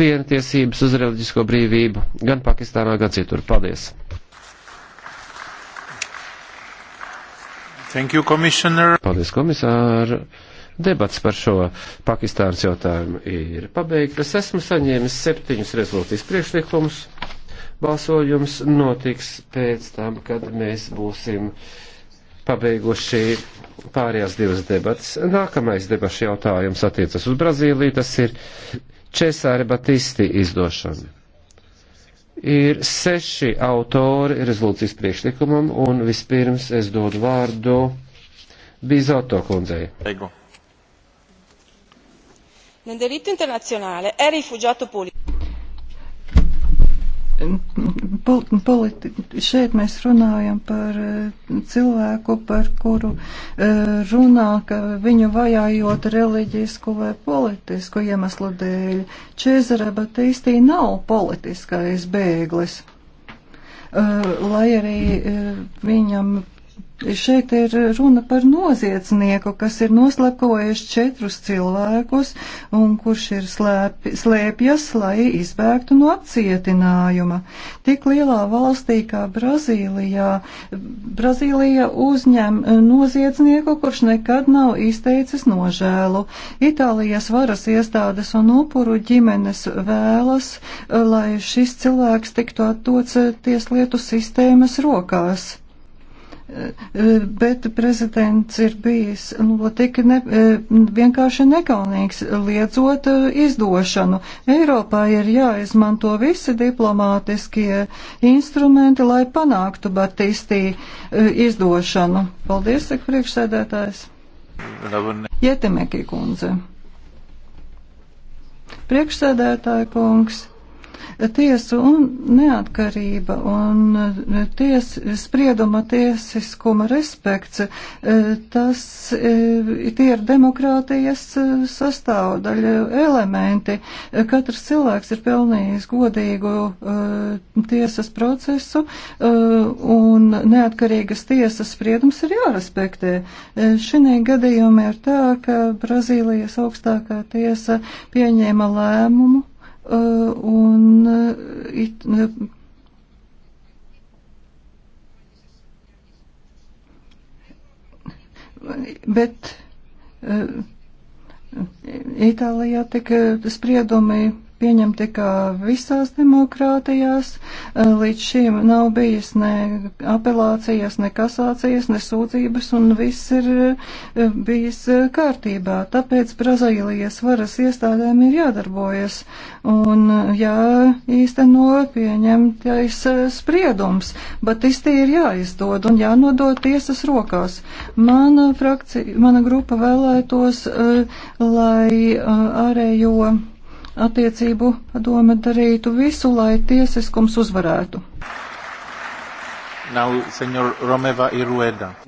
ikviena tiesības uz reliģisko brīvību gan Pakistānā, gan citur. Paldies! Thank you, Paldies, komisār! Debats par šo Pakistānas jautājumu ir pabeigtas. Esmu saņēmis septiņus rezolūcijas priekšlikumus. Balsojums notiks pēc tam, kad mēs būsim pabeiguši pārējās divas debatas. Nākamais debašu jautājums attiecas uz Brazīliju. Tas ir Česāri Batisti izdošana. Ir seši autori rezolūcijas priekšlikumam, un vispirms es dodu vārdu Bizoto kundzei. Ego. Nel diritto internazionale è rifugiato politico politi, šeit mēs runājam par eh, cilvēku, par kuru eh, runā, ka viņu vajājot reliģisku vai politisku iemeslu dēļ. Čezara Batīstī nav politiskais bēglis. Eh, lai arī viņam Šeit ir runa par noziedznieku, kas ir noslapojis četrus cilvēkus un kurš ir slēp, slēpjas, lai izbēgtu no apcietinājuma. Tik lielā valstī kā Brazīlijā, Brazīlija uzņem noziedznieku, kurš nekad nav izteicis nožēlu. Itālijas varas iestādes un upuru ģimenes vēlas, lai šis cilvēks tiktu atdots tieslietu sistēmas rokās bet prezidents ir bijis ļoti ne, vienkārši nekaunīgs, liedzot eh, izdošanu. Eiropā ir jāizmanto visi diplomātiskie instrumenti, lai panāktu Batistī eh, izdošanu. Paldies, saka priekšsēdētājs. Jetemekī kundze. Priekšsēdētāja kungs Tiesu un neatkarība un eh, ties, sprieduma tiesiskuma respekts, eh, tas eh, tie ir demokrātijas sastāvdaļa elementi. Katrs cilvēks ir pelnījis godīgu tiesas procesu un neatkarīgas tiesas spriedums ir jārespektē. Šī gadījumā ir tā, ka Brazīlijas augstākā tiesa pieņēma lēmumu, Uh, un uh, it, uh, bet Itālijā tika spriedumi pieņemti kā visās demokrātijās. Eh, līdz šim nav bijis ne apelācijas, ne kasācijas, ne sūdzības, un viss ir eh, bijis eh, kārtībā. Tāpēc Brazīlijas varas iestādēm ir jādarbojas un jāīsteno pieņemtais spriedums, bet istī ir jāizdod un jānodod tiesas rokās. Mana frakcija, mana grupa vēlētos, lai ārējo attiecību padome darītu visu, lai tiesiskums uzvarētu. Now,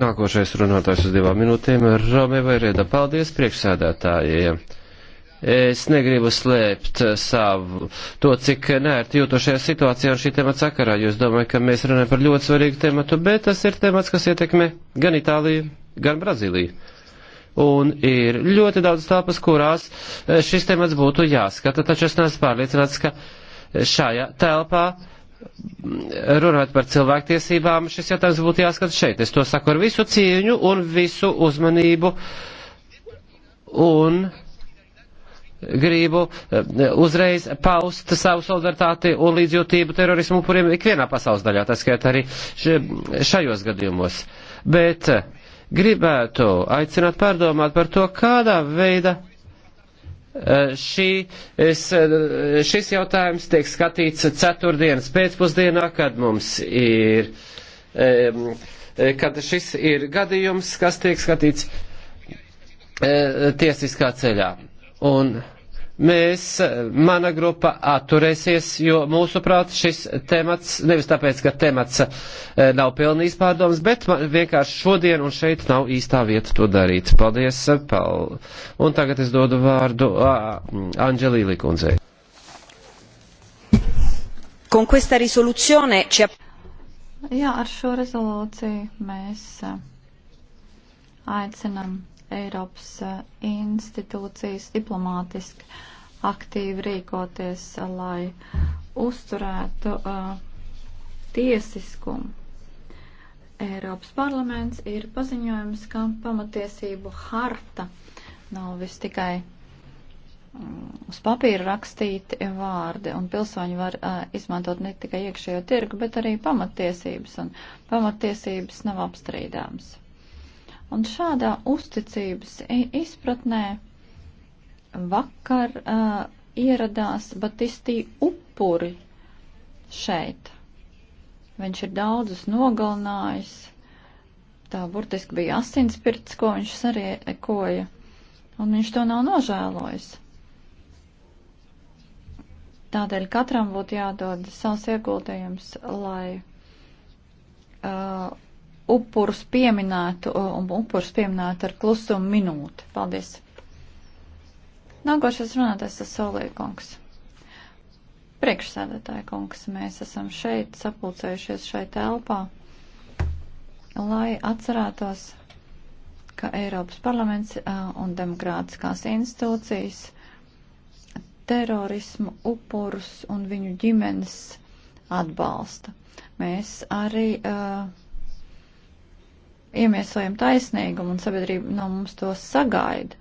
Nākošais runātājs uz divām minūtēm ir Romeva Irēda. Paldies priekšsēdētājiem! Es negribu slēpt savu to, cik nērti jūtu šajā situācijā un šī temata sakarā. Jūs domājat, ka mēs runājam par ļoti svarīgu tematu, bet tas ir temats, kas ietekmē gan Itāliju, gan Brazīliju un ir ļoti daudz telpas, kurās eh, šis temats būtu jāskata, taču es neesmu pārliecināts, ka eh, šajā telpā, mm, runājot par cilvēktiesībām, šis jautājums būtu jāskata šeit. Es to saku ar visu cieņu un visu uzmanību un gribu eh, uzreiz paust savu solidaritāti un līdzjūtību terorismu upuriem ikvienā pasaules daļā, tā skaitā arī šajos gadījumos. Bet uh, gribētu aicināt pārdomāt par to, kādā veidā e, šī, es, e, šis jautājums tiek skatīts ceturtdienas pēcpusdienā, kad mums ir, e, kad šis ir gadījums, kas tiek skatīts tiesiskā ceļā. Un mēs, mana grupa atturēsies, jo mūsuprāt šis temats, nevis tāpēc, ka temats eh, nav pilnīgs pārdoms, bet vienkārši šodien un šeit nav īstā vieta to darīt. Paldies, Paul. Un tagad es dodu vārdu Anģelīli kundzei. Con questa risoluzione ci Jā, ar šo rezolūciju mēs aicinam Eiropas institūcijas diplomātiski aktīvi rīkoties, lai uzturētu uh, tiesiskumu. Eiropas parlaments ir paziņojums, ka pamatiesību harta nav vis tikai mm, uz papīra rakstīti vārdi, un pilsoņi var uh, izmantot ne tikai iekšējo tirgu, bet arī pamatiesības, un pamatiesības nav apstrīdāms. Un šādā uzticības izpratnē Vakar uh, ieradās Batistī upuri šeit. Viņš ir daudzus nogalinājis. Tā burtiski bija asinspirts, ko viņš sariekoja, un viņš to nav nožēlojis. Tādēļ katram būtu jādod savs ieguldījums, lai uh, upurus pieminētu uh, un upurus pieminētu ar klusumu minūti. Paldies! Nākošais runātais ir Solīkungs. Priekšsēdētāja kungs, mēs esam šeit sapulcējušies šai telpā, lai atcerētos, ka Eiropas parlaments un demokrātiskās institūcijas terorismu upurus un viņu ģimenes atbalsta. Mēs arī uh, iemiesojam taisnīgumu un sabiedrība no mums to sagaida.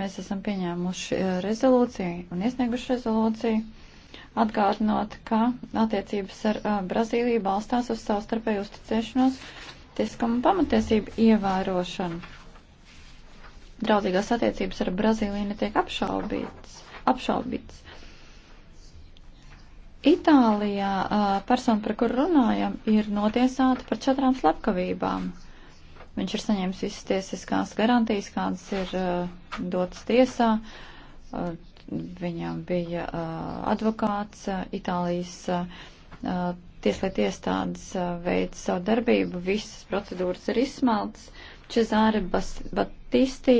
Mēs esam pieņēmuši eh, rezolūciju un iesnieguši rezolūciju, atgādinot, ka attiecības ar eh, Brazīliju balstās uz savstarpēju uzticēšanos, tieskumu pamatiesību ievērošanu. Draudzīgās attiecības ar Brazīliju netiek apšaubīts. apšaubīts. Itālijā eh, persona, par kuru runājam, ir notiesāta par četrām slepkavībām. Viņš ir saņēmis visas tiesiskās garantijas, kādas ir uh, dotas tiesā. Uh, viņam bija uh, advokāts, uh, Itālijas uh, uh tieslietu iestādes uh, veica savu darbību, visas procedūras ir izsmeltas. Čezāre Batistī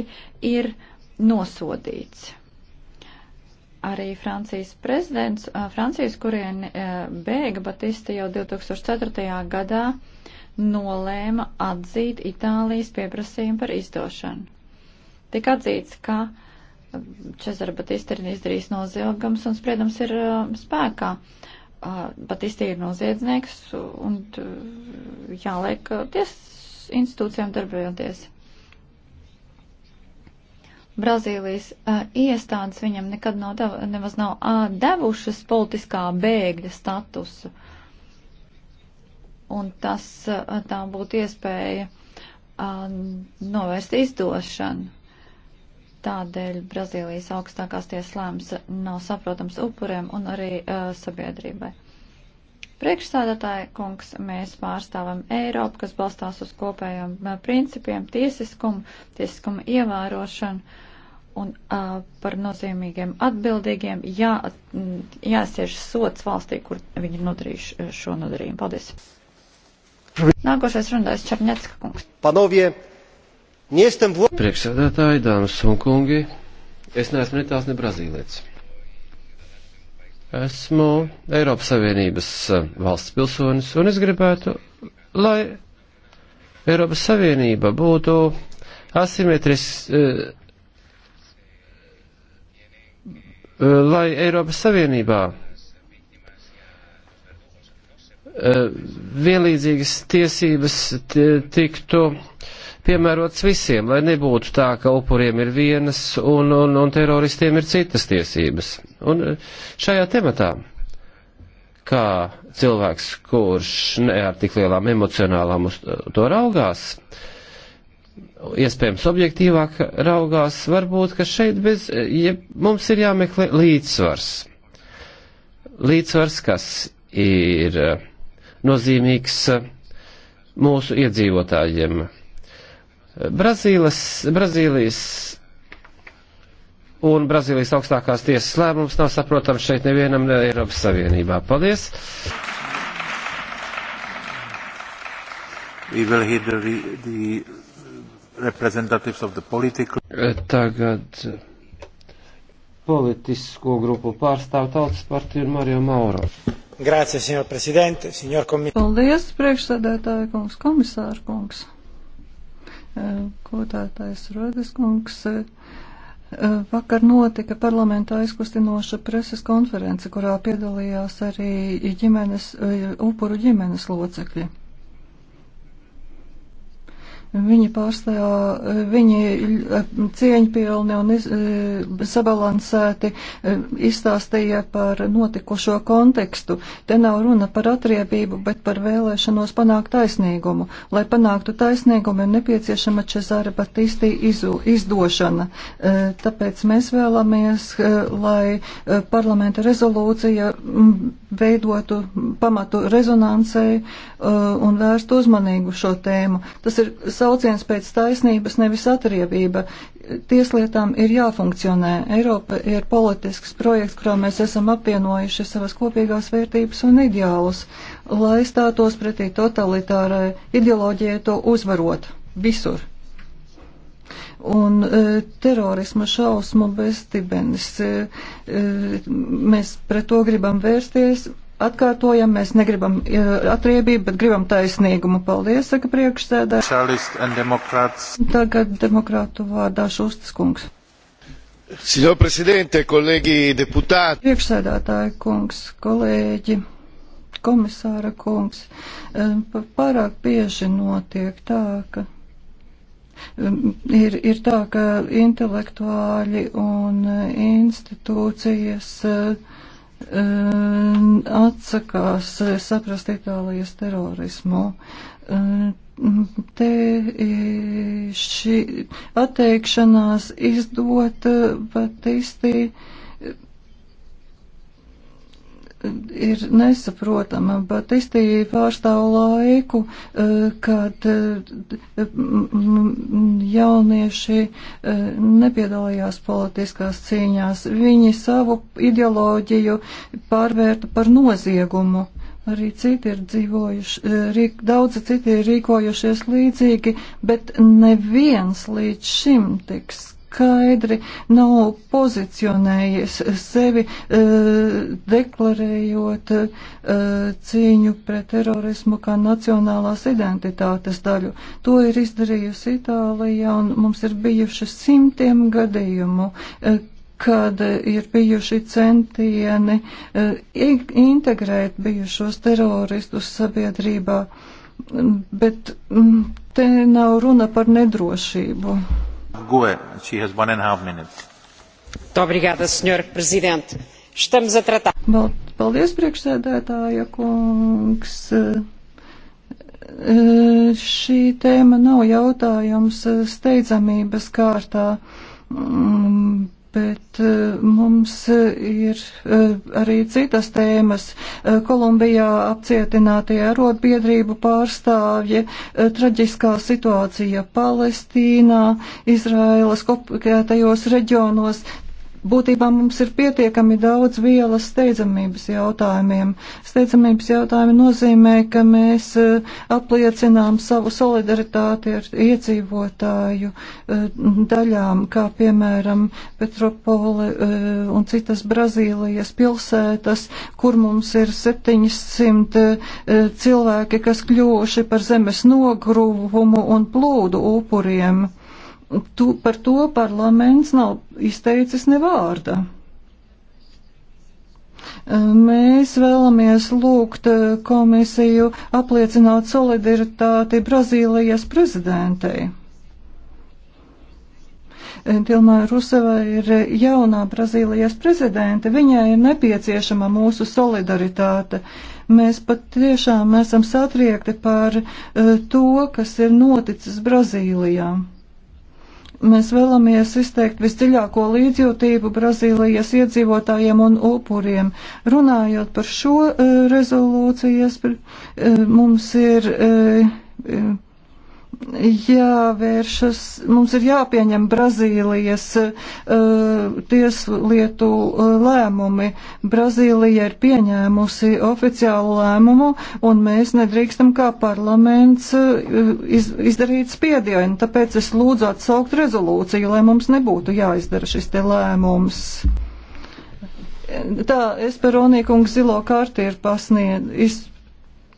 ir nosodīts. Arī Francijas prezidents, uh, Francijas, kurien uh, bēga Batistī jau 2004. gadā, uh, nolēma atzīt Itālijas pieprasījumu par izdošanu. Tik atzīts, ka Čezara Batista ir izdarījis noziegums un spriedums ir uh, spēkā. Uh, Batista ir noziedznieks un uh, jāliek uh, tiesas institūcijām darbojoties. Brazīlijas uh, iestādes viņam nekad nav dev, nemaz nav uh, devušas politiskā bēgļa statusu. Uh, un tas tām būtu iespēja novērst izdošanu. Tādēļ Brazīlijas augstākās tiesas lēms nav saprotams upuriem un arī uh, sabiedrībai. Priekšstādātāja kungs, mēs pārstāvam Eiropu, kas balstās uz kopējiem principiem, tiesiskumu, tiesiskumu ievērošanu un uh, par nozīmīgiem atbildīgiem jā, jāsiež sots valstī, kur viņi nodarījuši šo nodarījumu. Paldies! Nākošais runājas Černiecka kungs. Panovie, niestam vod... Priekšsēdētāji, dāmas un kungi, es neesmu ne tās ne brazīlietis. Esmu Eiropas Savienības eh, valsts pilsonis un es gribētu, lai Eiropas Savienība būtu asimetrisks, eh, eh, lai Eiropas Savienībā vienlīdzīgas tiesības tiktu piemērots visiem, lai nebūtu tā, ka upuriem ir vienas un, un, un teroristiem ir citas tiesības. Un e, šajā tematā, kā cilvēks, kurš ne ar tik lielām emocionālām uz to raugās, iespējams objektīvāk raugās, varbūt, ka šeit bez, e, ja mums ir jāmeklē līdzsvars. Līdzsvars, kas ir uh, nozīmīgs e, mūsu iedzīvotājiem. Brazīles, Brazīlijas un Brazīlijas augstākās tiesas lēmums nav saprotams šeit nevienam ne Eiropas Savienībā. Paldies! The, the political... E, tagad politisko grupu pārstāv tautas partiju un Mario Mauro. Grācie, senjor prezidente, senjor komisār. Paldies, priekšsēdētāja kungs, komisāra eh, kungs, kotētājs Rodes kungs. Vakar notika parlamentā aizkustinoša preses konference, kurā piedalījās arī ģimenes, eh, upuru ģimenes locekļi. Viņi pārstāv, eh, viņi eh, cieņpilni un iz, eh, sabalansēti izstāstīja par notikušo kontekstu. Te nav runa par atriebību, bet par vēlēšanos panākt taisnīgumu. Lai panāktu taisnīgumu, ir nepieciešama Čezāra Batistī izu, izdošana. Tāpēc mēs vēlamies, lai parlamenta rezolūcija mm, veidotu pamatu rezonansai un vērstu uzmanību šo tēmu. Tas ir sauciens pēc taisnības, nevis atriebība. Tieslietām ir jāfunkcionē. Eiropa ir politisks projekts, kurā mēs esam apvienojuši savas kopīgās vērtības un ideālus, lai stātos pretī totalitārai ideoloģijai to uzvarot visur. Un e, terorisma šausmu bez dibenis. E, e, mēs pret to gribam vērsties atkārtojam, mēs negribam atriebību, bet gribam taisnīgumu. Paldies, saka priekšsēdē. Tagad demokrātu vārdā Šustas kungs. Signor Presidente, kolēģi deputāti. Priekšsēdētāji kungs, kolēģi, komisāra kungs, eh, pārāk bieži notiek tā, ka mm, ir, ir tā, ka intelektuāļi un eh, institūcijas uh, Ehm, atsakās eh, saprast Itālijas terorismu. Ehm, te šī atteikšanās izdot eh, Batistī ir nesaprotama. Batistī pārstāv laiku, eh, kad eh, jaunieši eh, nepiedalījās politiskās cīņās. Viņi savu ideoloģiju pārvērta par noziegumu. Arī citi ir dzīvojuši, rīk, daudzi citi ir rīkojušies līdzīgi, bet neviens līdz šim tik skaidri nav pozicionējies sevi, eh, deklarējot eh, cīņu pret terorismu kā nacionālās identitātes daļu. To ir izdarījusi Itālija, un mums ir bijuši simtiem gadījumu, eh, kad ir bijuši centieni integrēt bijušos teroristus sabiedrībā, mm, bet mm, te nav runa par nedrošību. GUE. She has one and a half minute. Obrigada, senhor presidente. Estamos a tratar. Paldies, priekšsēdētāja kungs. Šī tēma nav jautājums steidzamības kārtā mm, Bet eh, mums eh, ir eh, arī citas tēmas. Kolumbijā apcietinātie arotbiedrību pārstāvji, traģiskā situācija Palestīnā, Izraēlas kopētajos reģionos. Būtībā mums ir pietiekami daudz vielas steidzamības jautājumiem. Steidzamības jautājumi nozīmē, ka mēs eh, apliecinām savu solidaritāti ar iedzīvotāju eh, daļām, kā piemēram Petropoli eh, un citas Brazīlijas pilsētas, kur mums ir 700 cilvēki, kas kļuvuši par zemes nogruvumu un plūdu upuriem tu, par to parlaments nav izteicis ne vārda. Mēs vēlamies lūgt komisiju apliecināt solidaritāti Brazīlijas prezidentei. Tilmāra Ruseva ir jaunā Brazīlijas prezidente. Viņai ir nepieciešama mūsu solidaritāte. Mēs pat tiešām esam satriekti par eh, to, kas ir noticis Brazīlijā. Mēs vēlamies izteikt visdziļāko līdzjūtību Brazīlijas iedzīvotājiem un upuriem. Runājot par šo eh, rezolūcijas, eh, mums ir eh, jāvēršas, mums ir jāpieņem Brazīlijas uh, tieslietu uh, lēmumi. Brazīlija ir pieņēmusi oficiālu lēmumu, un mēs nedrīkstam kā parlaments uh, iz, izdarīt spiedienu. Tāpēc es lūdzu atsaukt rezolūciju, lai mums nebūtu jāizdara šis te lēmums. Tā, Esperonīkungs zilo karti ir pasniedz,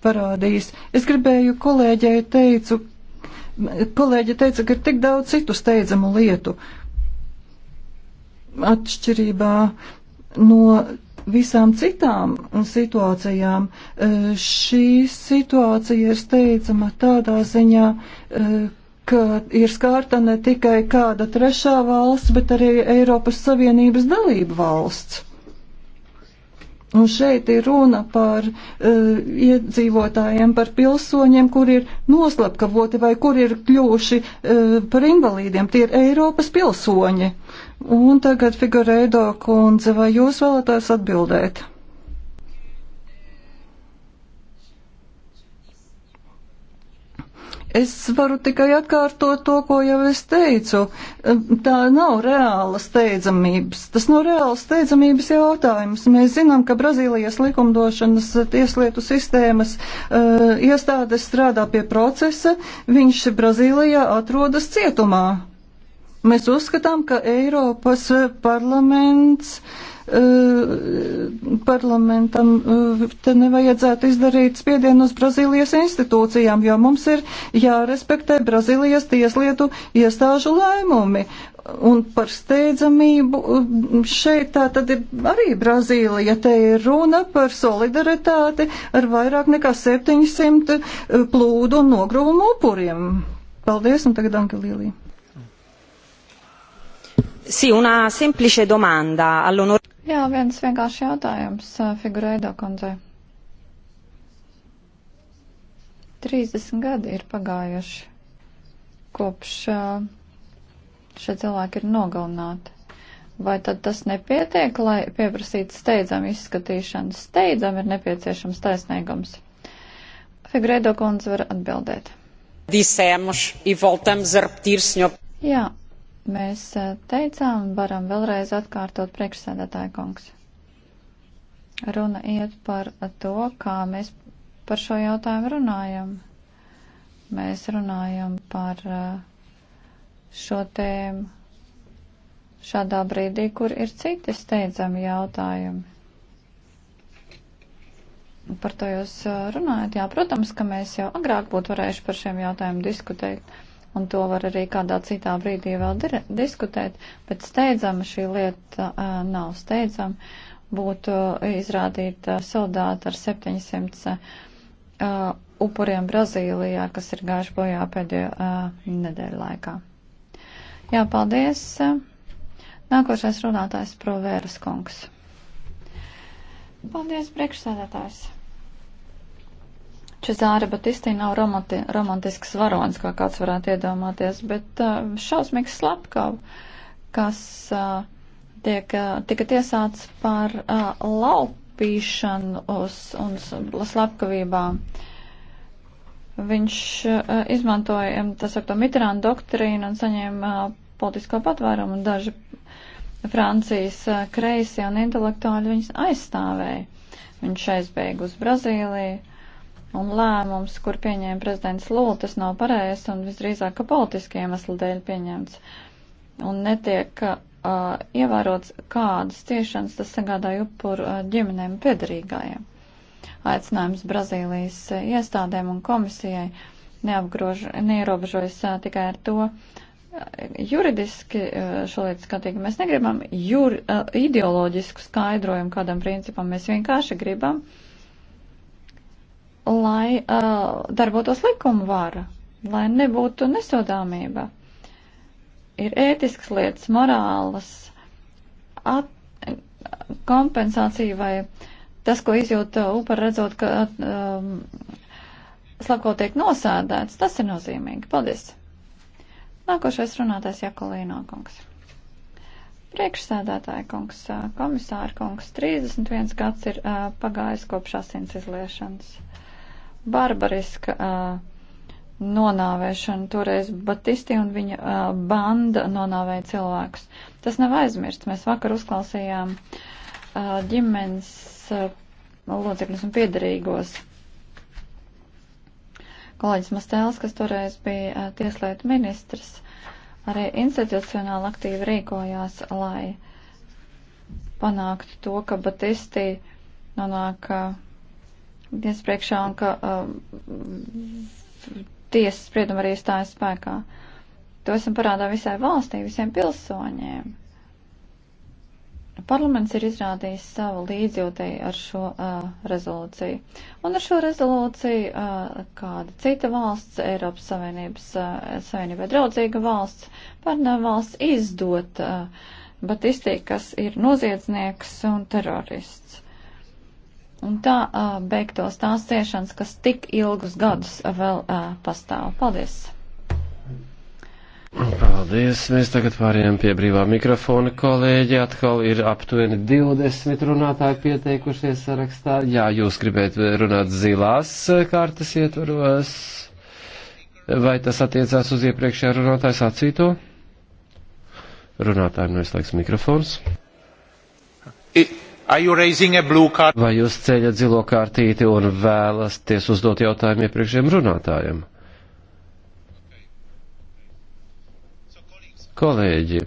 parādījis. Es gribēju kolēģei teicu, Kolēģi teica, ka ir tik daudz citu steidzamu lietu. Atšķirībā no visām citām situācijām e, šī situācija ir steidzama tādā ziņā, e, ka ir skārta ne tikai kāda trešā valsts, bet arī Eiropas Savienības dalība valsts. Un šeit ir runa par uh, iedzīvotājiem, par pilsoņiem, kur ir noslapkavoti vai kur ir kļuvuši uh, par invalīdiem. Tie ir Eiropas pilsoņi. Un tagad, Figurēdo kundze, vai jūs vēlaties atbildēt? Es varu tikai atkārtot to, ko jau es teicu. Tā nav reāla steidzamības. Tas nav reāla steidzamības jautājums. Mēs zinām, ka Brazīlijas likumdošanas tieslietu sistēmas uh, iestādes strādā pie procesa. Viņš Brazīlijā atrodas cietumā. Mēs uzskatām, ka Eiropas parlaments uh, Eh, parlamentam eh, te nevajadzētu izdarīt spiedienu uz Brazīlijas institūcijām, jo mums ir jārespektē Brazīlijas tieslietu iestāžu lēmumi. Un par steidzamību eh, šeit tā tad ir arī Brazīlija. Te ir runa par solidaritāti ar vairāk nekā 700 plūdu un nogrūmu upuriem. Paldies, un tagad Angelīlī. Sì, una semplice domanda all'onorevole. Jā, viens vienkārši jautājums figurēdo kundzei. 30 gadi ir pagājuši kopš šie cilvēki ir nogalināti. Vai tad tas nepietiek, lai pieprasītu steidzam izskatīšanu? Steidzam ir nepieciešams taisnīgums. Figredo kundze var atbildēt. Dissemos i e voltamos a repetir, senhor. Jā, mēs eh, teicām, varam vēlreiz atkārtot priekšsēdētāja kungs. Runa iet par to, kā mēs par šo jautājumu runājam. Mēs runājam par eh, šo tēmu šādā brīdī, kur ir citi steidzami jautājumi. Par to jūs eh, runājat. Jā, protams, ka mēs jau agrāk būtu varējuši par šiem jautājumiem diskutēt un to var arī kādā citā brīdī vēl diskutēt, bet steidzama šī lieta uh, nav steidzama. Būtu izrādīta soldāta ar 700 uh, upuriem Brazīlijā, kas ir gājuši bojā pēdējo uh, nedēļu laikā. Jā, paldies. Nākošais runātājs Provēras kungs. Paldies, priekšsēdētājs. Čezāra Batistī nav romanti, romantisks varonis, kā kāds varētu iedomāties, bet uh, šausmīgs slepkavu, kas uh, tiek, uh, tika tiesāts par uh, laupīšanu un slepkavībām. Viņš uh, izmantoja, tas um, ar to Mitterānu doktrīnu un saņēma uh, politisko patvērumu un daži Francijas uh, kreisie un intelektuāļi viņus aizstāvēja. Viņš aizbēga uz Brazīliju Un lēmums, kur pieņēma prezidents Lula, tas nav pareizs un visdrīzāk, ka politiski iemesli dēļ pieņemts. Un netiek uh, ievērots, kādas ciešanas tas sagādāja upuru uh, ģimenēm piedarīgajiem. Aicinājums Brazīlijas uh, iestādēm un komisijai neapgrož, neierobežojas uh, tikai ar to, uh, juridiski uh, šo lietu skatīgi. Mēs negribam jur, ideoloģisku skaidrojumu kādam principam, mēs vienkārši gribam uh, lai uh, darbotos likuma vara, lai nebūtu nesodāmība. Ir ētisks lietas, morālas, at, kompensācija vai tas, ko izjūta uh, upar redzot, ka um, slako tiek nosēdēts, tas ir nozīmīgi. Paldies! Nākošais runātais Jakolīno kungs. Priekšsēdētāja kungs, uh, komisāra kungs, 31 gads ir uh, pagājis kopš asins izliešanas. Uh, barbariska uh, nonāvēšana toreiz Batisti un viņa uh, banda nonāvēja cilvēkus. Tas nav aizmirsts. Mēs vakar uzklausījām uh, ģimenes uh, locekļus un piedarīgos. Kolēģis Mastēls, kas toreiz bija uh, tieslietu ministrs, arī institucionāli aktīvi rīkojās, lai panāktu to, ka Batisti nonāk uh, tiesas priekšā un ka uh, tiesas sprieduma arī stājas spēkā. To esam parādā visai valstī, visiem pilsoņiem. Parlaments ir izrādījis savu līdzjūtību ar šo uh, rezolūciju. Un ar šo rezolūciju uh, kāda cita valsts, Eiropas Savienības, uh, Savienībai draudzīga valsts, partner valsts izdot uh, Batistī, kas ir noziedznieks un terorists. Un tā uh, beigtos tās ciešanas, kas tik ilgus gadus vēl uh, pastāv. Paldies! Paldies! Mēs tagad pārējām pie brīvā mikrofona. Kolēģi, atkal ir aptuveni 20 runātāji pieteikušies sarakstā. Jā, jūs gribēt runāt zilās kārtas ietvaros. Vai tas attiecās uz iepriekšējā runātāja sacīto? Runātājiem noslēgs mikrofons. I Vai jūs ceļat zilo kārtīti un vēlasties uzdot jautājumu iepriekšējiem runātājiem? Kolēģi,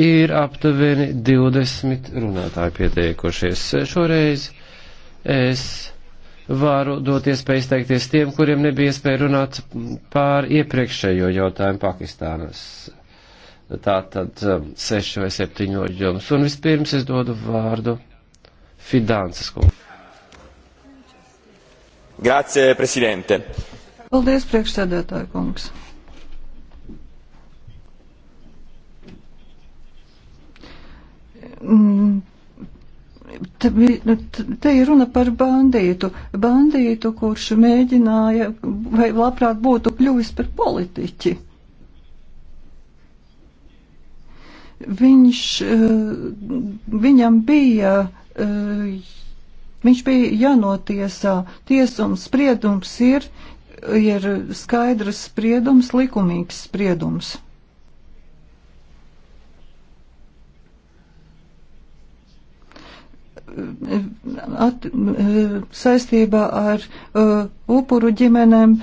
ir aptuveni 20 runātāji pieteikušies. Šoreiz es varu dot iespēju izteikties tiem, kuriem nebija iespēja runāt pār iepriekšējo jautājumu Pakistānas tātad um, seši vai septiņos jums. Un vispirms es dodu vārdu Fidānces kungam. Grazie, prezidente. Paldies, priekšsēdētāji kungs. Mm. Te, nu, te ir runa par bandītu. Bandītu, kurš mēģināja vai labprāt būtu kļuvis par politiķi. Viņš, eh, viņam bija eh, viņš bija jānotiesā. Tiesums spriedums ir, ir skaidrs spriedums, likumīgs spriedums. at, saistībā ar uh, upuru ģimenēm,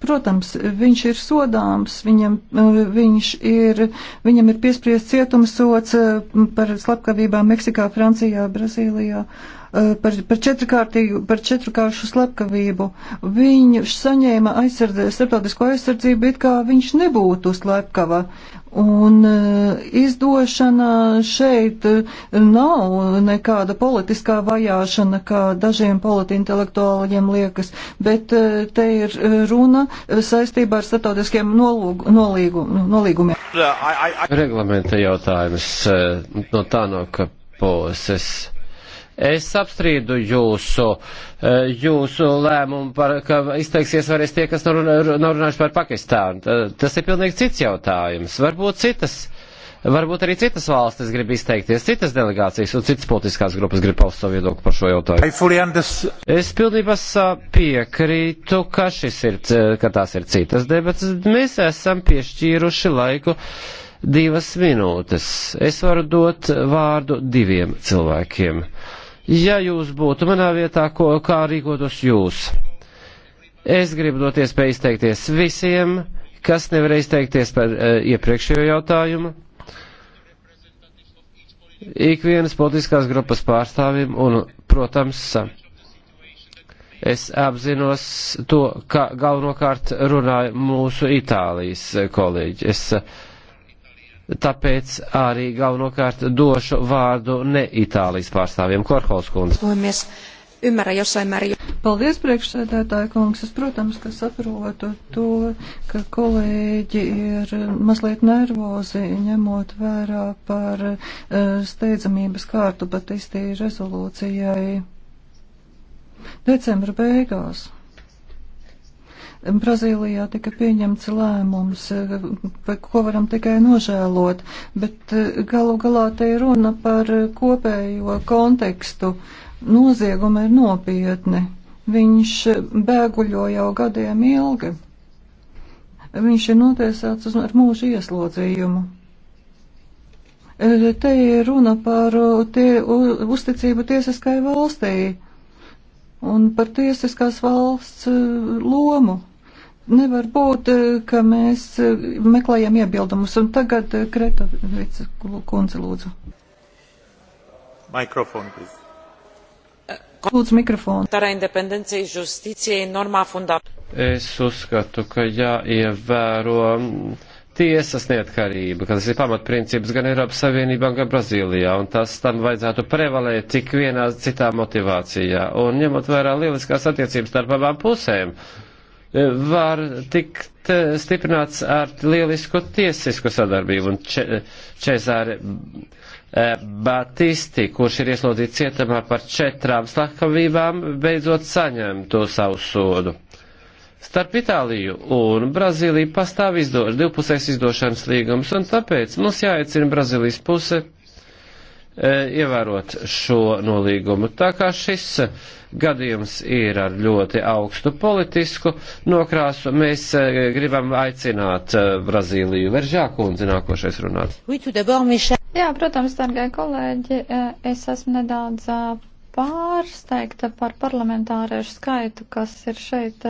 protams, viņš ir sodāms, viņam, uh, viņš ir, viņam ir piespriezt cietumsots uh, par slepkavībām Meksikā, Francijā, Brazīlijā. Uh, par, par, četrkārtīgu, par četrkāršu slepkavību. Viņš saņēma aizsardz, starptautisko aizsardzību, it kā viņš nebūtu slepkava. Un eh, izdošana šeit eh, nav nekāda politiskā vajāšana, kā dažiem politintelektuāļiem liekas, bet eh, te ir runa saistībā ar startautiskiem nolīgumiem. Reglamenta jautājums no tā no, ka puses. Es apstrīdu jūsu, e, jūsu lēmumu par, ka izteiksies varēs tie, kas norunājuši par Pakistānu. Tas ir pilnīgi cits jautājums. Varbūt citas, varbūt arī citas valstis grib izteikties, citas delegācijas un citas politiskās grupas grib paust savu viedokli par šo jautājumu. Es pilnībā piekrītu, ka šis ir, ka tās ir citas debatas. Mēs esam piešķīruši laiku divas minūtes. Es varu dot vārdu diviem cilvēkiem ja jūs būtu manā vietā, ko, kā rīkotos jūs. Es gribu dot iespēju izteikties visiem, kas nevarēja izteikties par uh, iepriekšējo jautājumu. Ikvienas politiskās grupas pārstāvim un, protams, es apzinos to, ka galvenokārt runāja mūsu Itālijas kolēģi. Es uh, tāpēc arī galvenokārt došu vārdu ne Itālijas pārstāvjiem. Korhols kundze. Ymmärrän jossain määrin. Paldies, priekšsēdētāja kungs. Es, protams, ka saprotu to, ka kolēģi ir mazliet nervozi, ņemot vērā par uh, steidzamības kārtu Batistīju rezolūcijai decembra beigās. Brazīlijā tika pieņemts lēmums, ko varam tikai nožēlot, bet eh, galu galā te ir runa par kopējo kontekstu. Nozieguma ir nopietni. Viņš eh, bēguļo jau gadiem ilgi. Viņš ir notiesāts uz mūža ieslodzījumu. Eh, te ir runa par tie, uzticību tiesiskai valstī un par tiesiskās valsts lomu. Nevar būt, eh, ka mēs eh, meklējam iebildumus. Un tagad eh, Kretovica kundze lūdzu. Mikrofonu, Lūdzu mikrofonu. E es uzskatu, ka jāievēro mm, tiesas neatkarība, ka tas ir pamatprincips gan Eiropas Savienībā, gan Brazīlijā, un tas tam vajadzētu prevalēt tik vienā citā motivācijā. Un ņemot vērā lieliskās attiecības starp abām pusēm, uh, var tikt eh, stiprināts ar lielisku tiesisku sadarbību. Un Čezāre eh, Batisti, kurš ir ieslodzīts cietumā par četrām slakavībām, beidzot saņem to savu sodu. Starp Itāliju un Brazīliju pastāv izdo, divpusējs izdošanas līgums, un tāpēc mums jāicina Brazīlijas puse Eh, ievērot šo nolīgumu. Tā kā šis gadījums ir ar ļoti augstu politisku nokrāsu, mēs eh, gribam aicināt eh, Brazīliju. Veržā kundze nākošais runāt. Jā, protams, dargai kolēģi, es esmu nedaudz pārsteigta par parlamentāriešu skaitu, kas ir šeit.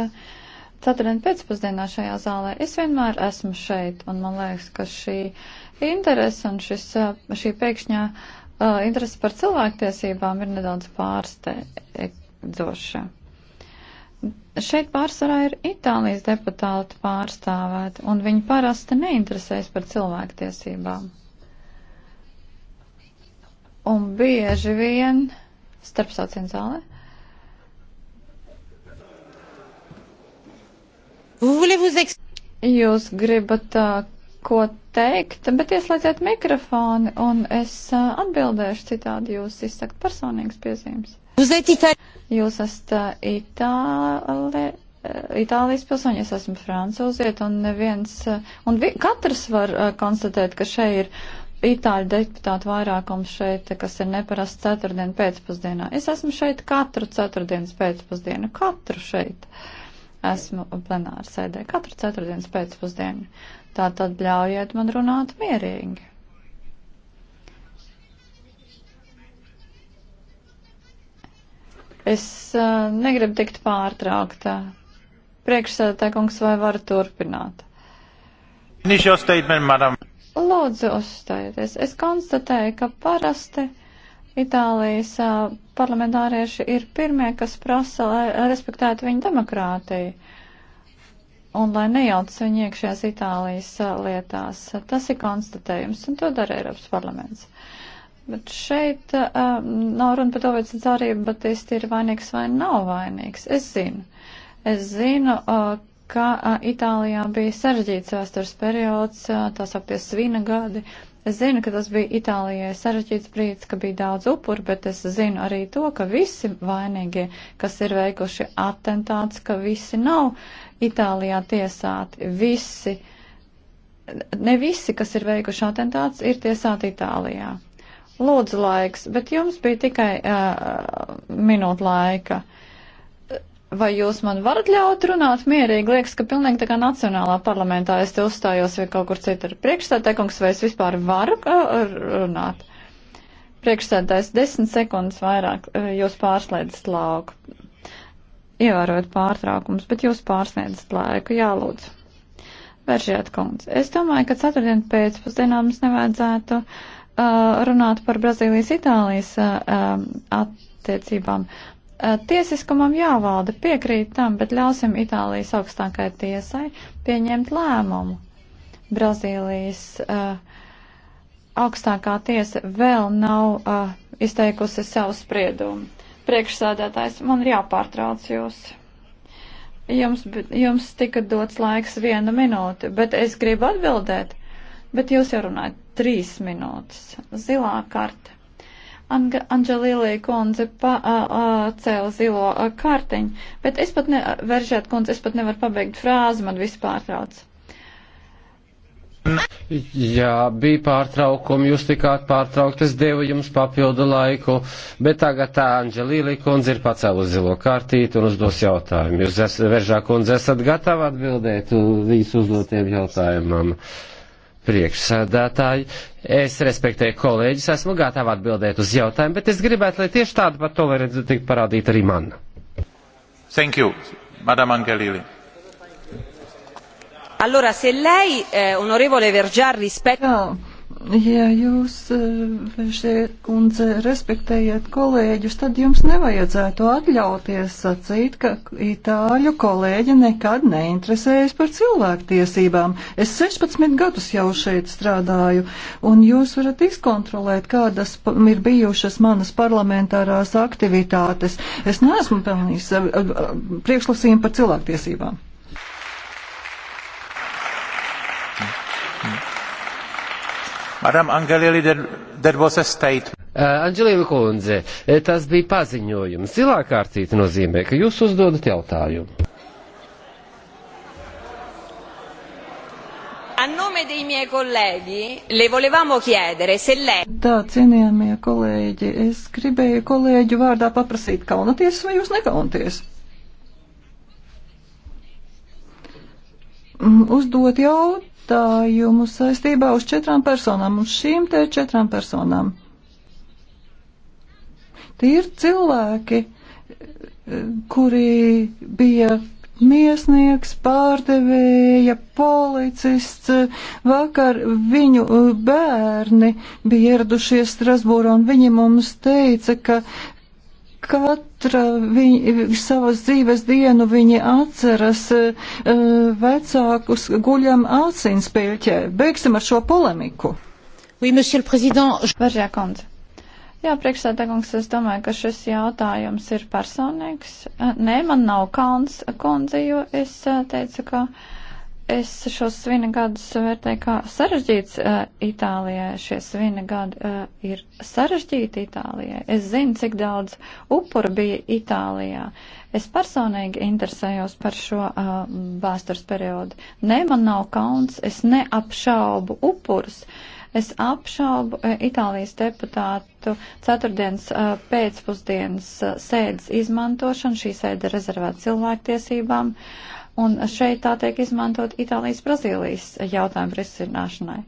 Ceturtdien pēcpusdienā šajā zālē es vienmēr esmu šeit, un man liekas, ka šī interese un šis, šī pēkšņā uh, uh, interese par cilvēktiesībām ir nedaudz pārsteidzoša. Šeit pārsvarā ir Itālijas deputāti pārstāvēti, un viņi parasti neinteresējas par cilvēktiesībām. Un bieži vien starp saucienu zālē. Jūs gribat uh, ko teikt, bet ieslēdziet mikrofoni un es atbildēšu citādi jūs izsakt personīgas piezīmes. Jūs esat Itāli, Itālijas pilsoņi, es esmu francūziet un neviens, un vi, katrs var konstatēt, ka šeit ir itāļu deputātu vairākums šeit, kas ir neparasts ceturtdien pēcpusdienā. Es esmu šeit katru ceturtdienas pēcpusdienu, katru šeit esmu plenāru sēdē, katru ceturtdienas pēcpusdienu. Tā tad ļaujiet man runāt mierīgi. Es uh, negribu tikt pārtraukta. Priekšsēdētāj kungs, vai varu turpināt? Lūdzu, uzstājieties. Es konstatēju, ka parasti Itālijas eh, parlamentārieši ir pirmie, kas prasa, lai respektētu viņu demokrātiju un lai nejauc viņu iekšējās Itālijas uh, lietās. Tas ir konstatējums, un to dara Eiropas parlaments. Bet šeit uh, nav runa par to, vai tas arī Batisti ir vainīgs vai nav vainīgs. Es zinu. Es zinu, uh, ka uh, Itālijā bija sarežģīts vēstures periods, uh, tā sauktie svina gadi. Es zinu, ka tas bija Itālijai sarežģīts brīdis, ka bija daudz upuru, bet es zinu arī to, ka visi vainīgie, kas ir veikuši atentāts, ka visi nav Itālijā tiesāti visi, ne visi, kas ir veikuši atentāts, ir tiesāti Itālijā. Lūdzu laiks, bet jums bija tikai uh, minūte laika. Vai jūs man varat ļaut runāt mierīgi? Liekas, ka pilnīgi tā kā nacionālā parlamentā es te uzstājos vai kaut kur citur. Priekšstādēkungs, vai es vispār varu uh, runāt? Priekšstādājs desmit sekundes vairāk uh, jūs pārslēdzat lauku ievērojat pārtraukums, bet jūs pārsniedzat laiku, jālūdz. Veržiet kundze. Es domāju, ka ceturtdien pēcpusdienā mums nevajadzētu uh, runāt par Brazīlijas-Itālijas uh, attiecībām. Uh, tiesiskumam jāvalda, piekrīt tam, bet ļausim Itālijas augstākai tiesai pieņemt lēmumu. Brazīlijas uh, augstākā tiesa vēl nav uh, izteikusi savu spriedumu. Priekšsādātājs, man ir jāpārtrauc jūs. Jums, jums tika dots laiks viena minūte, bet es gribu atbildēt, bet jūs jau runājat trīs minūtes. Zilā karta. Anģelīlī kundze pacēla zilo kartiņu, bet es pat ne, veržēt kundze, es pat nevaru pabeigt frāzi, man viss pārtrauc. Jā, bija pārtraukumi, jūs tikāt pārtraukti, es devu jums papildu laiku, bet tagad tā Anģelīlī kundze ir pacēlus zilo kārtīti un uzdos jautājumu. Jūs, es, Veržā kundze, esat gatavi atbildēt viņas uzdotiem jautājumam? Priekšsēdētāji, es respektēju kolēģis, esmu gatava atbildēt uz jautājumu, bet es gribētu, lai tieši tāda pat tolerance tiktu parādīta arī man. Thank you, Madam Angelīlī. Allora, se lei, eh, onorevole Vergiar, rispetta. Ja jūs šeit, eh, kundze, respektējat kolēģus, tad jums nevajadzētu atļauties sacīt, ka itāļu kolēģi nekad neinteresējas par cilvēktiesībām. Es 16 gadus jau šeit strādāju, un jūs varat izkontrolēt, kādas ir bijušas manas parlamentārās aktivitātes. Es neesmu pelnījis eh, eh, priekšlasījumu par cilvēktiesībām. Madam Angelili, that, that was a statement. Uh, Anģelīna kundze, uh, tas bija paziņojums. Zilā kārtīte nozīmē, ka jūs uzdodat jautājumu. A nome dei miei colleghi le volevamo chiedere se lei... Tā, cienījamie kolēģi, es gribēju kolēģu vārdā paprasīt, kaunaties vai jūs nekaunaties? Mm, uzdot jautājumu jautājumu saistībā uz četrām personām, uz šīm te četrām personām. Tie ir cilvēki, kuri bija miesnieks, pārdevēja, policists. Vakar viņu bērni bija ieradušies Strasbūrā un viņi mums teica, ka katra viņa, savas dzīves dienu viņi atceras eh, vecākus guļam acīs pēļķē. Beigsim ar šo polemiku. Oui, monsieur le président, je... Bergekonde. Jā, priekšsēdētājs, es domāju, ka šis jautājums ir personīgs. Eh, nē, man nav kauns, kundze, jo es eh, teicu, ka. Uh, Es šos svina gadus vērtēju kā sarežģīts uh, Itālijai. Šie svina gadi uh, ir sarežģīti Itālijai. Es zinu, cik daudz upuru bija Itālijā. Es personīgi interesējos par šo uh, vēstures periodu. Nē, man nav kauns, es neapšaubu upurus. Es apšaubu uh, Itālijas deputātu ceturtdienas uh, pēcpusdienas uh, sēdes izmantošanu. Šī sēde ir rezervēta cilvēktiesībām. Uh, Un šeit tā tiek izmantot Itālijas-Brazīlijas jautājumu risināšanai.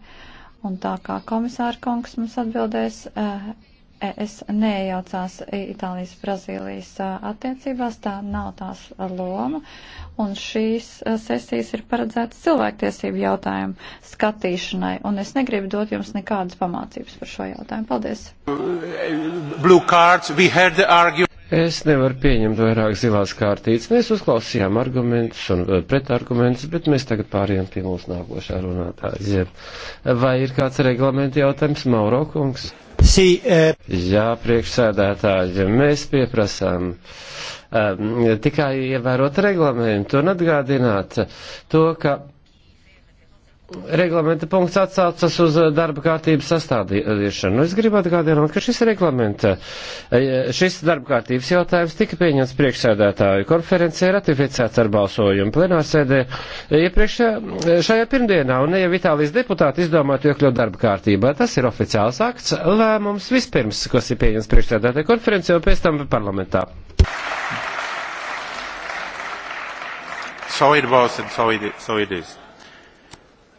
Un tā kā komisāra kungs mums atbildēs, eh, es neiejaucās Itālijas-Brazīlijas eh, attiecībās, tā nav tās loma. Un šīs eh, sesijas ir paredzētas cilvēktiesību jautājumu skatīšanai. Un es negribu dot jums nekādas pamācības par šo jautājumu. Paldies! Blue cards, we heard the argument. Es nevaru pieņemt vairāk zilās kārtītes. Mēs uzklausījām argumentus un eh, pretargumentus, bet mēs tagad pārējām pie mūsu nākošā runātāja. Vai ir kāds reglamenta jautājums, Mauro kungs? Sī, e... Eh. Jā, priekšsēdētāji, mēs pieprasām um, tikai ievērot reglamentu un atgādināt to, ka reglamenta punkts atsaucas uz eh, darba kārtības sastādīšanu. Es gribu atgādināt, ka šis reglamenta, eh, šis darba kārtības jautājums tika pieņemts priekšsēdētāju konferencē, ratificēts ar balsojumu plenārsēdē eh, iepriekšējā šajā pirmdienā, un ne jau Itālijas deputāti izdomātu iekļaut darba kārtībā. Tas ir oficiāls akts, lēmums vispirms, kas ir pieņemts priekšsēdētāju konferencē, un pēc tam parlamentā. So it was and so it, so it is.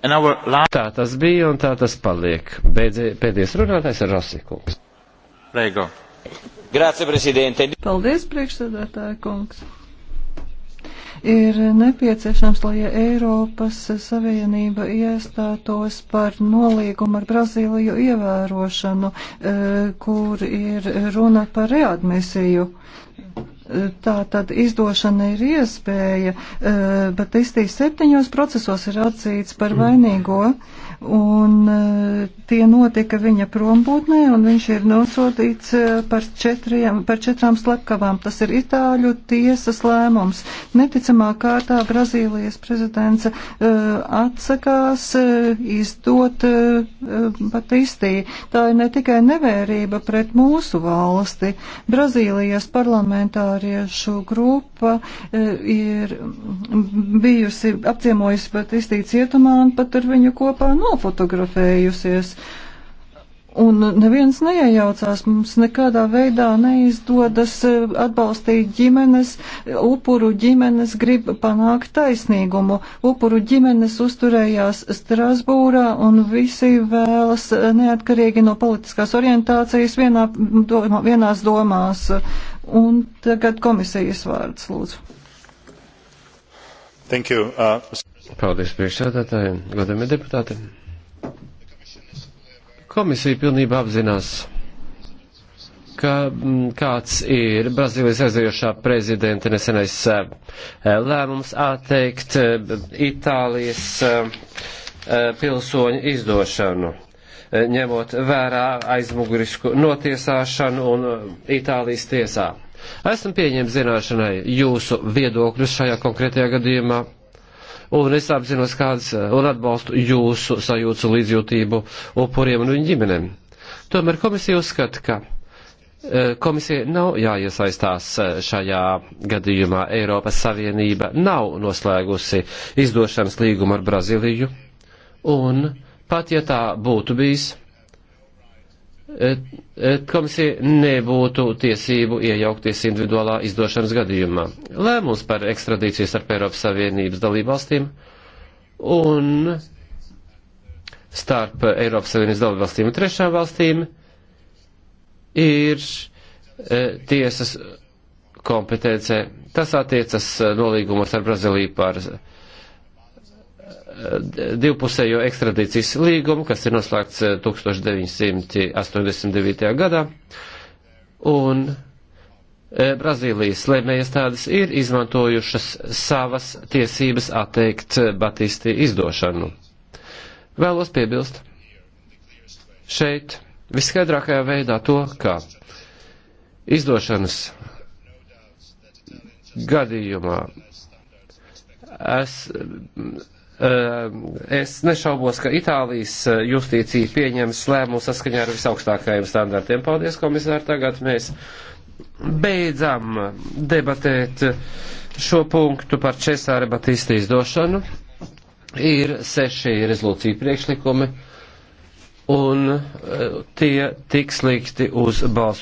Last... Tā tas bija un tā tas paliek. Beidzie, pēdējais runātājs ir Rosikungs. Reigo. Grācija, prezidente. Paldies, priekšsēdētāja kungs. Ir nepieciešams, lai Eiropas Savienība iestātos par nolīgumu ar Brazīliju ievērošanu, eh, kur ir runa par readmisiju Tā tad izdošana ir iespēja, eh, bet testīs septiņos procesos ir atzīts par vainīgo. Mm un e, tie notika viņa prombūtnē, un viņš ir nosodīts e, par, četriem, par četrām slepkavām. Tas ir Itāļu tiesas lēmums. Neticamā kārtā Brazīlijas prezidents uh, atsakās uh, izdot uh, Batistī. Tā ir ne tikai nevērība pret mūsu valsti. Brazīlijas parlamentāriešu grupa ir bijusi apciemojusi Batistī cietumā un pat ar viņu kopā. Nu, nofotografējusies. Un neviens neiejaucās, mums nekādā veidā neizdodas eh, atbalstīt ģimenes, upuru ģimenes grib panākt taisnīgumu. Upuru ģimenes uzturējās Strasbūrā un visi vēlas eh, neatkarīgi no politiskās orientācijas vienā, domā, vienās domās. Un tagad komisijas vārds, lūdzu. Thank you. Uh... Paldies priekšsēdētājiem, godamie deputāti. Komisija pilnībā apzinās, ka mm, kāds ir Brazīlijas aizējošā prezidenta nesenais eh, lēmums atteikt eh, Itālijas eh, pilsoņu izdošanu ņemot vērā aizmugurisku notiesāšanu un Itālijas tiesā. Esmu pieņēmis zināšanai jūsu viedokļus šajā konkrētajā gadījumā un es apzinos kādas eh, un atbalstu jūsu sajūtu līdzjūtību upuriem un viņu ģimenēm. Tomēr komisija uzskata, ka eh, Komisija nav jāiesaistās eh, šajā gadījumā. Eiropas Savienība nav noslēgusi izdošanas līgumu ar Brazīliju, un pat ja tā būtu bijis, komisija nebūtu tiesību iejaukties individuālā izdošanas gadījumā. Lēmums par ekstradīcijas ar Eiropas Savienības dalībvalstīm un starp Eiropas Savienības dalībvalstīm un trešām valstīm ir e, tiesas kompetence. Tas attiecas eh, nolīgumos ar Brazīliju par e, divpusējo ekstradīcijas līgumu, kas ir noslēgts 1989. Eh, gadā, un eh, Brazīlijas lēmējiestādes ir izmantojušas savas tiesības atteikt eh, Batistī izdošanu. Vēlos piebilst šeit viskaidrākajā veidā to, ka izdošanas gadījumā es Eh, es nešaubos, ka Itālijas eh, justīcija pieņems lēmumu saskaņā ar visaugstākajiem standartiem. Paldies, komisār. Tagad mēs beidzam debatēt šo punktu par Česāra Batīsta izdošanu. Ir seši rezolūcija priekšlikumi, un eh, tie tiks likti uz balsu.